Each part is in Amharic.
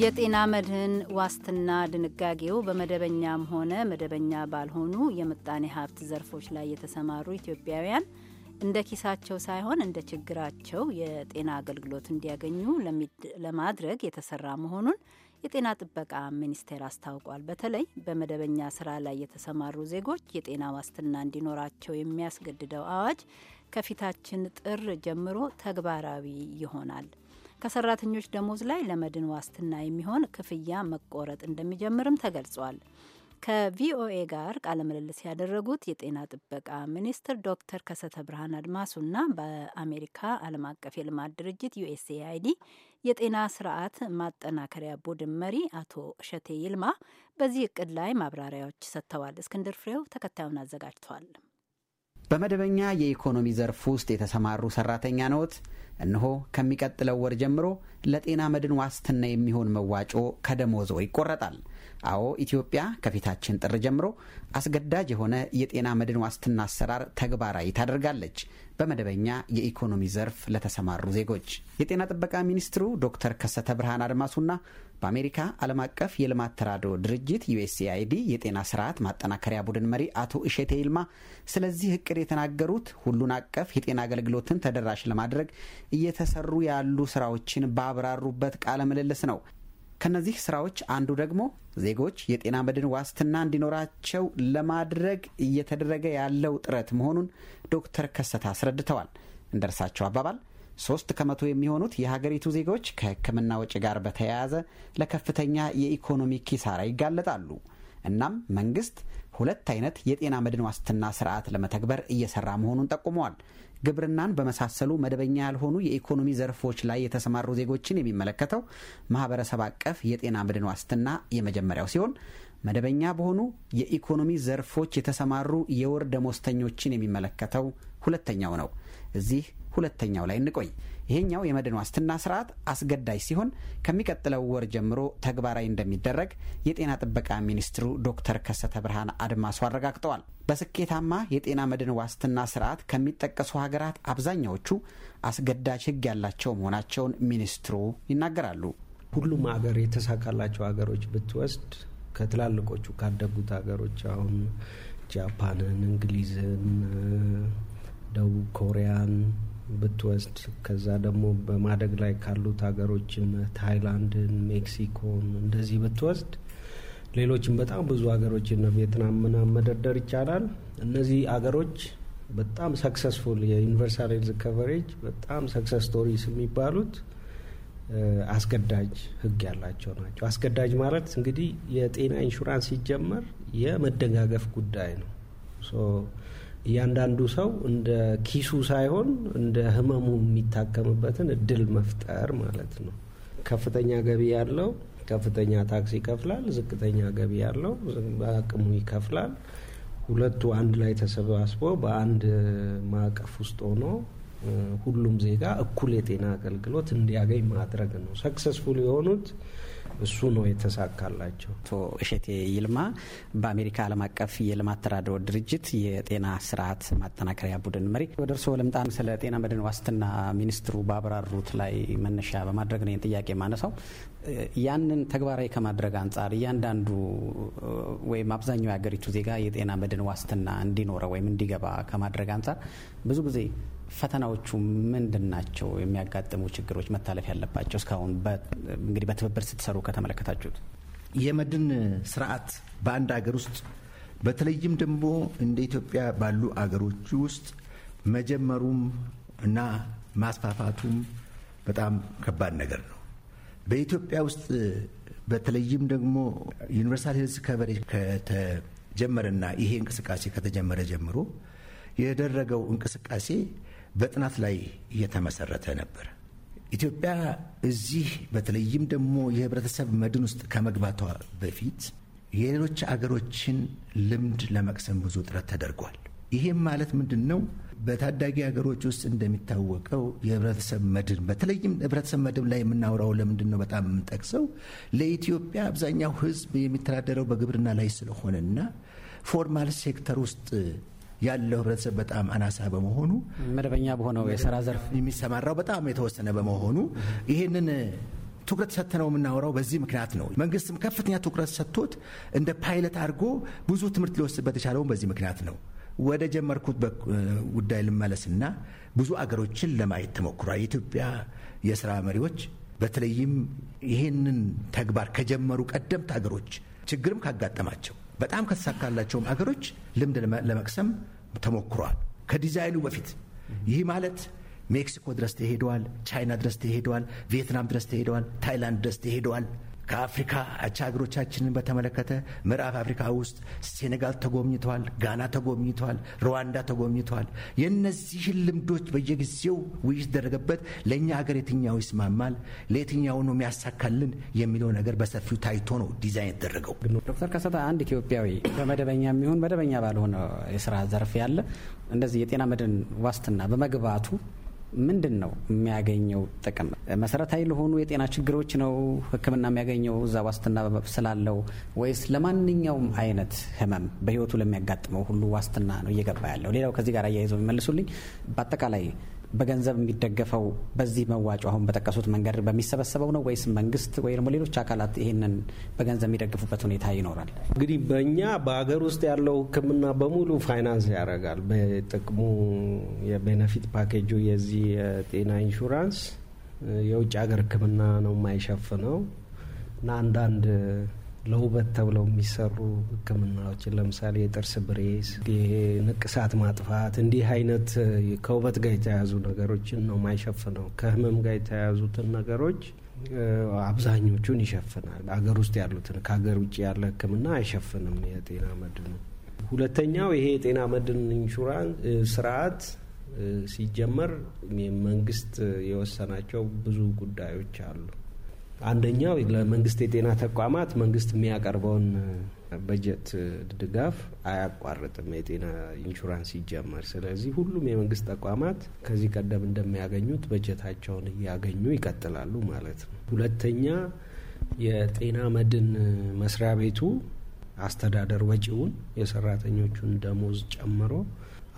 የጤና መድህን ዋስትና ድንጋጌው በመደበኛም ሆነ መደበኛ ባልሆኑ የምጣኔ ሀብት ዘርፎች ላይ የተሰማሩ ኢትዮጵያውያን እንደ ኪሳቸው ሳይሆን እንደ ችግራቸው የጤና አገልግሎት እንዲያገኙ ለማድረግ የተሰራ መሆኑን የጤና ጥበቃ ሚኒስቴር አስታውቋል። በተለይ በመደበኛ ስራ ላይ የተሰማሩ ዜጎች የጤና ዋስትና እንዲኖራቸው የሚያስገድደው አዋጅ ከፊታችን ጥር ጀምሮ ተግባራዊ ይሆናል። ከሰራተኞች ደሞዝ ላይ ለመድን ዋስትና የሚሆን ክፍያ መቆረጥ እንደሚጀምርም ተገልጿል። ከቪኦኤ ጋር ቃለ ምልልስ ያደረጉት የጤና ጥበቃ ሚኒስትር ዶክተር ከሰተ ብርሃን አድማሱና በአሜሪካ ዓለም አቀፍ የልማት ድርጅት ዩኤስኤአይዲ የጤና ስርዓት ማጠናከሪያ ቡድን መሪ አቶ እሸቴ ይልማ በዚህ እቅድ ላይ ማብራሪያዎች ሰጥተዋል። እስክንድር ፍሬው ተከታዩን አዘጋጅቷል። በመደበኛ የኢኮኖሚ ዘርፍ ውስጥ የተሰማሩ ሰራተኛ ነዎት? እነሆ ከሚቀጥለው ወር ጀምሮ ለጤና መድን ዋስትና የሚሆን መዋጮ ከደሞዞ ይቆረጣል። አዎ ኢትዮጵያ ከፊታችን ጥር ጀምሮ አስገዳጅ የሆነ የጤና መድን ዋስትና አሰራር ተግባራዊ ታደርጋለች በመደበኛ የኢኮኖሚ ዘርፍ ለተሰማሩ ዜጎች። የጤና ጥበቃ ሚኒስትሩ ዶክተር ከሰተ ብርሃን አድማሱና በአሜሪካ ዓለም አቀፍ የልማት ተራድኦ ድርጅት ዩኤስኤአይዲ የጤና ስርዓት ማጠናከሪያ ቡድን መሪ አቶ እሸቴ ይልማ ስለዚህ እቅድ የተናገሩት ሁሉን አቀፍ የጤና አገልግሎትን ተደራሽ ለማድረግ እየተሰሩ ያሉ ስራዎችን ባብራሩበት ቃለ ምልልስ ነው። ከነዚህ ስራዎች አንዱ ደግሞ ዜጎች የጤና መድን ዋስትና እንዲኖራቸው ለማድረግ እየተደረገ ያለው ጥረት መሆኑን ዶክተር ከሰተ አስረድተዋል። እንደ እርሳቸው አባባል ሶስት ከመቶ የሚሆኑት የሀገሪቱ ዜጎች ከሕክምና ወጪ ጋር በተያያዘ ለከፍተኛ የኢኮኖሚ ኪሳራ ይጋለጣሉ። እናም መንግስት ሁለት አይነት የጤና መድን ዋስትና ስርዓት ለመተግበር እየሰራ መሆኑን ጠቁመዋል። ግብርናን በመሳሰሉ መደበኛ ያልሆኑ የኢኮኖሚ ዘርፎች ላይ የተሰማሩ ዜጎችን የሚመለከተው ማህበረሰብ አቀፍ የጤና መድን ዋስትና የመጀመሪያው ሲሆን መደበኛ በሆኑ የኢኮኖሚ ዘርፎች የተሰማሩ የወር ደሞዝተኞችን የሚመለከተው ሁለተኛው ነው። እዚህ ሁለተኛው ላይ እንቆይ። ይሄኛው የመድን ዋስትና ስርዓት አስገዳጅ ሲሆን ከሚቀጥለው ወር ጀምሮ ተግባራዊ እንደሚደረግ የጤና ጥበቃ ሚኒስትሩ ዶክተር ከሰተ ብርሃን አድማሱ አረጋግጠዋል። በስኬታማ የጤና መድን ዋስትና ስርዓት ከሚጠቀሱ ሀገራት አብዛኛዎቹ አስገዳጅ ሕግ ያላቸው መሆናቸውን ሚኒስትሩ ይናገራሉ። ሁሉም ሀገር የተሳካላቸው ሀገሮች ብትወስድ ከትላልቆቹ ካደጉት ሀገሮች አሁን ጃፓንን፣ እንግሊዝን፣ ደቡብ ኮሪያን ብትወስድ ከዛ ደግሞ በማደግ ላይ ካሉት ሀገሮችም ታይላንድን፣ ሜክሲኮን እንደዚህ ብትወስድ ሌሎችም በጣም ብዙ ሀገሮች እነ ቪየትናም ምናምን መደርደር ይቻላል። እነዚህ አገሮች በጣም ሰክሰስፉል የዩኒቨርሳል ሄልዝ ከቨሬጅ በጣም ሰክሰስ ስቶሪስ የሚባሉት አስገዳጅ ህግ ያላቸው ናቸው። አስገዳጅ ማለት እንግዲህ የጤና ኢንሹራንስ ሲጀመር የመደጋገፍ ጉዳይ ነው። እያንዳንዱ ሰው እንደ ኪሱ ሳይሆን እንደ ህመሙ የሚታከምበትን እድል መፍጠር ማለት ነው። ከፍተኛ ገቢ ያለው ከፍተኛ ታክስ ይከፍላል። ዝቅተኛ ገቢ ያለው በአቅሙ ይከፍላል። ሁለቱ አንድ ላይ ተሰባስቦ በአንድ ማዕቀፍ ውስጥ ሆኖ ሁሉም ዜጋ እኩል የጤና አገልግሎት እንዲያገኝ ማድረግ ነው። ሰክሰስፉል የሆኑት እሱ ነው የተሳካላቸው። አቶ እሸቴ ይልማ በአሜሪካ ዓለም አቀፍ የልማት ተራድኦ ድርጅት የጤና ስርዓት ማጠናከሪያ ቡድን መሪ፣ ወደ እርስዎ ልምጣ። ስለ ጤና መድን ዋስትና ሚኒስትሩ ባብራሩት ላይ መነሻ በማድረግ ነው ጥያቄ ማነሳው። ያንን ተግባራዊ ከማድረግ አንጻር እያንዳንዱ ወይም አብዛኛው የሀገሪቱ ዜጋ የጤና መድን ዋስትና እንዲኖረ ወይም እንዲገባ ከማድረግ አንጻር ብዙ ጊዜ ፈተናዎቹ ምንድን ናቸው? የሚያጋጥሙ ችግሮች መታለፍ ያለባቸው እስካሁን እንግዲህ በትብብር ስትሰሩ ከተመለከታችሁት የመድን ስርዓት በአንድ አገር ውስጥ በተለይም ደግሞ እንደ ኢትዮጵያ ባሉ አገሮች ውስጥ መጀመሩም እና ማስፋፋቱም በጣም ከባድ ነገር ነው። በኢትዮጵያ ውስጥ በተለይም ደግሞ ዩኒቨርሳል ሄልዝ ከቨሬጅ ከተጀመረና ይሄ እንቅስቃሴ ከተጀመረ ጀምሮ የደረገው እንቅስቃሴ በጥናት ላይ እየተመሰረተ ነበር። ኢትዮጵያ እዚህ በተለይም ደግሞ የህብረተሰብ መድን ውስጥ ከመግባቷ በፊት የሌሎች አገሮችን ልምድ ለመቅሰም ብዙ ጥረት ተደርጓል። ይህም ማለት ምንድን ነው? በታዳጊ ሀገሮች ውስጥ እንደሚታወቀው የህብረተሰብ መድን በተለይም ህብረተሰብ መድን ላይ የምናወራው ለምንድን ነው በጣም የምንጠቅሰው ለኢትዮጵያ አብዛኛው ህዝብ የሚተዳደረው በግብርና ላይ ስለሆነና ፎርማል ሴክተር ውስጥ ያለው ህብረተሰብ በጣም አናሳ በመሆኑ መደበኛ በሆነው የስራ ዘርፍ የሚሰማራው በጣም የተወሰነ በመሆኑ ይህንን ትኩረት ሰጥተነው የምናወራው በዚህ ምክንያት ነው። መንግስትም ከፍተኛ ትኩረት ሰጥቶት እንደ ፓይለት አድርጎ ብዙ ትምህርት ሊወስድበት የቻለውን በዚህ ምክንያት ነው። ወደ ጀመርኩት ጉዳይ ልመለስና ብዙ አገሮችን ለማየት ተሞክሯል። የኢትዮጵያ የስራ መሪዎች በተለይም ይህንን ተግባር ከጀመሩ ቀደምት አገሮች ችግርም ካጋጠማቸው በጣም ከተሳካላቸውም አገሮች ልምድ ለመቅሰም ተሞክሯል ከዲዛይኑ በፊት። ይህ ማለት ሜክሲኮ ድረስ ተሄደዋል፣ ቻይና ድረስ ተሄደዋል፣ ቪየትናም ድረስ ተሄደዋል፣ ታይላንድ ድረስ ተሄደዋል። ከአፍሪካ አቻ ሀገሮቻችንን በተመለከተ ምዕራብ አፍሪካ ውስጥ ሴኔጋል ተጎብኝተዋል፣ ጋና ተጎብኝተዋል፣ ሩዋንዳ ተጎብኝተዋል። የእነዚህን ልምዶች በየጊዜው ውይይት ደረገበት ለእኛ ሀገር የትኛው ይስማማል፣ ለየትኛው ነው የሚያሳካልን የሚለው ነገር በሰፊው ታይቶ ነው ዲዛይን የተደረገው። ዶክተር ከሰተ አንድ ኢትዮጵያዊ በመደበኛ የሚሆን መደበኛ ባልሆነ የስራ ዘርፍ ያለ እንደዚህ የጤና መድን ዋስትና በመግባቱ ምንድን ነው የሚያገኘው ጥቅም? መሰረታዊ ለሆኑ የጤና ችግሮች ነው ሕክምና የሚያገኘው እዛ ዋስትና ስላለው ወይስ ለማንኛውም አይነት ህመም በህይወቱ ለሚያጋጥመው ሁሉ ዋስትና ነው እየገባ ያለው? ሌላው ከዚህ ጋር አያይዘው የሚመልሱልኝ በአጠቃላይ በገንዘብ የሚደገፈው በዚህ መዋጮ አሁን በጠቀሱት መንገድ በሚሰበሰበው ነው ወይስ መንግስት ወይ ደግሞ ሌሎች አካላት ይህንን በገንዘብ የሚደግፉበት ሁኔታ ይኖራል? እንግዲህ በእኛ በሀገር ውስጥ ያለው ሕክምና በሙሉ ፋይናንስ ያደርጋል። በጥቅሙ የቤነፊት ፓኬጁ የዚህ የጤና ኢንሹራንስ የውጭ ሀገር ሕክምና ነው የማይሸፍነው እና አንዳንድ ለውበት ተብለው የሚሰሩ ሕክምናዎችን ለምሳሌ የጥርስ ብሬስ፣ ንቅሳት ማጥፋት እንዲህ አይነት ከውበት ጋር የተያያዙ ነገሮችን ነው የማይሸፍነው። ከህመም ጋር የተያያዙትን ነገሮች አብዛኞቹን ይሸፍናል። አገር ውስጥ ያሉትን ከሀገር ውጭ ያለ ሕክምና አይሸፍንም የጤና መድኑ። ሁለተኛው ይሄ የጤና መድን ኢንሹራንስ ስርዓት ሲጀመር መንግስት የወሰናቸው ብዙ ጉዳዮች አሉ። አንደኛው ለመንግስት የጤና ተቋማት መንግስት የሚያቀርበውን በጀት ድጋፍ አያቋርጥም የጤና ኢንሹራንስ ይጀመር ስለዚህ ሁሉም የመንግስት ተቋማት ከዚህ ቀደም እንደሚያገኙት በጀታቸውን እያገኙ ይቀጥላሉ ማለት ነው። ሁለተኛ የጤና መድን መስሪያ ቤቱ አስተዳደር ወጪውን የሰራተኞቹን ደሞዝ ጨምሮ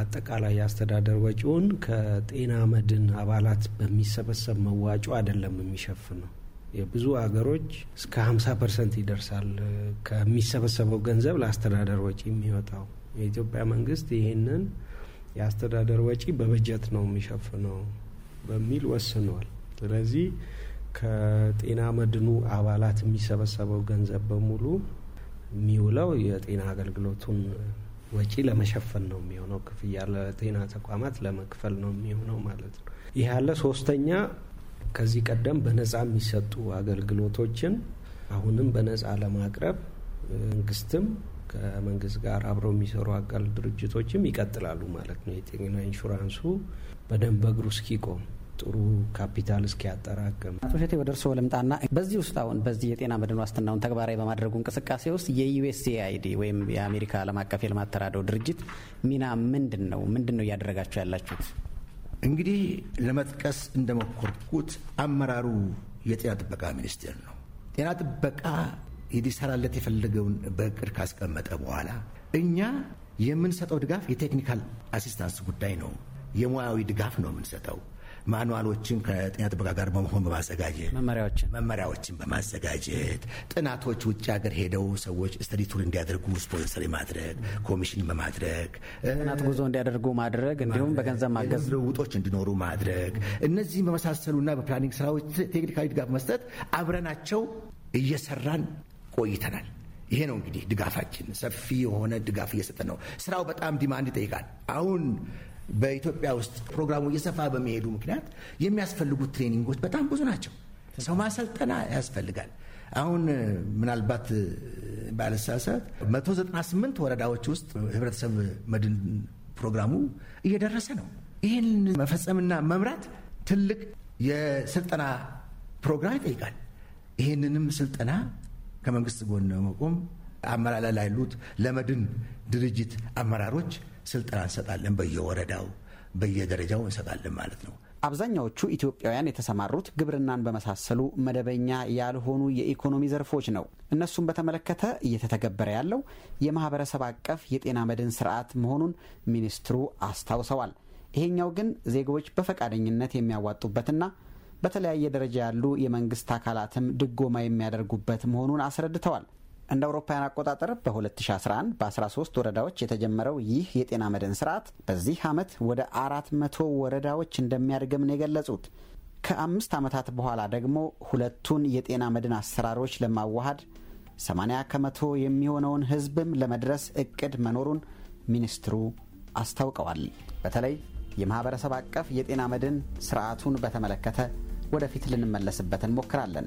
አጠቃላይ አስተዳደር ወጪውን ከጤና መድን አባላት በሚሰበሰብ መዋጮ አይደለም የሚሸፍነው የብዙ አገሮች እስከ 50 ፐርሰንት ይደርሳል ከሚሰበሰበው ገንዘብ ለአስተዳደር ወጪ የሚወጣው። የኢትዮጵያ መንግስት ይህንን የአስተዳደር ወጪ በበጀት ነው የሚሸፍነው በሚል ወስኗል። ስለዚህ ከጤና መድኑ አባላት የሚሰበሰበው ገንዘብ በሙሉ የሚውለው የጤና አገልግሎቱን ወጪ ለመሸፈን ነው የሚሆነው። ክፍያ ለጤና ተቋማት ለመክፈል ነው የሚሆነው ማለት ነው። ይህ ያለ ሶስተኛ ከዚህ ቀደም በነጻ የሚሰጡ አገልግሎቶችን አሁንም በነጻ ለማቅረብ መንግስትም ከመንግስት ጋር አብረው የሚሰሩ አካል ድርጅቶችም ይቀጥላሉ ማለት ነው። የጤና ኢንሹራንሱ በደንብ በእግሩ እስኪቆም ጥሩ ካፒታል እስኪያጠራቅም። አቶ ሸቴ ወደ እርስዎ ልምጣና በዚህ ውስጥ አሁን በዚህ የጤና መድን ዋስትናውን ተግባራዊ በማድረጉ እንቅስቃሴ ውስጥ የዩኤስኤአይዲ ወይም የአሜሪካ ዓለም አቀፍ የልማት ተራድኦ ድርጅት ሚና ምንድን ነው? ምንድን ነው እያደረጋችሁ ያላችሁት? እንግዲህ ለመጥቀስ እንደሞከርኩት አመራሩ የጤና ጥበቃ ሚኒስቴር ነው። ጤና ጥበቃ ሊሰራለት የፈለገውን በእቅድ ካስቀመጠ በኋላ እኛ የምንሰጠው ድጋፍ የቴክኒካል አሲስታንስ ጉዳይ ነው፣ የሙያዊ ድጋፍ ነው የምንሰጠው ማኑዋሎችን ከጤና ጥበቃ ጋር በመሆን በማዘጋጀት መመሪያዎችን መመሪያዎችን በማዘጋጀት ጥናቶች ውጭ ሀገር ሄደው ሰዎች ስተዲ ቱር እንዲያደርጉ ስፖንሰር ማድረግ ኮሚሽን በማድረግ ጥናት ጉዞ እንዲያደርጉ ማድረግ እንዲሁም በገንዘብ ማገዝ ልውጦች እንዲኖሩ ማድረግ እነዚህም በመሳሰሉና በፕላኒንግ ስራዎች ቴክኒካዊ ድጋፍ መስጠት አብረናቸው እየሰራን ቆይተናል። ይሄ ነው እንግዲህ ድጋፋችን፣ ሰፊ የሆነ ድጋፍ እየሰጠ ነው። ስራው በጣም ዲማንድ ይጠይቃል። አሁን በኢትዮጵያ ውስጥ ፕሮግራሙ እየሰፋ በመሄዱ ምክንያት የሚያስፈልጉት ትሬኒንጎች በጣም ብዙ ናቸው። ሰው ማሰልጠና ያስፈልጋል። አሁን ምናልባት ባለሳሳት 198 ወረዳዎች ውስጥ ህብረተሰብ መድን ፕሮግራሙ እየደረሰ ነው። ይህን መፈጸምና መምራት ትልቅ የስልጠና ፕሮግራም ይጠይቃል። ይህንንም ስልጠና ከመንግስት ጎን መቆም አመራላ ላይሉት ለመድን ድርጅት አመራሮች ስልጠና እንሰጣለን። በየወረዳው በየደረጃው እንሰጣለን ማለት ነው። አብዛኛዎቹ ኢትዮጵያውያን የተሰማሩት ግብርናን በመሳሰሉ መደበኛ ያልሆኑ የኢኮኖሚ ዘርፎች ነው። እነሱን በተመለከተ እየተተገበረ ያለው የማህበረሰብ አቀፍ የጤና መድን ስርዓት መሆኑን ሚኒስትሩ አስታውሰዋል። ይሄኛው ግን ዜጎች በፈቃደኝነት የሚያዋጡበትና በተለያየ ደረጃ ያሉ የመንግስት አካላትም ድጎማ የሚያደርጉበት መሆኑን አስረድተዋል። እንደ አውሮፓውያን አቆጣጠር በ2011 በ13 ወረዳዎች የተጀመረው ይህ የጤና መድን ስርዓት በዚህ ዓመት ወደ 400 መቶ ወረዳዎች እንደሚያድግም ነው የገለጹት። ከአምስት ዓመታት በኋላ ደግሞ ሁለቱን የጤና መድን አሰራሮች ለማዋሃድ 80 ከመቶ የሚሆነውን ህዝብም ለመድረስ እቅድ መኖሩን ሚኒስትሩ አስታውቀዋል። በተለይ የማኅበረሰብ አቀፍ የጤና መድን ስርዓቱን በተመለከተ ወደፊት ልንመለስበት እንሞክራለን።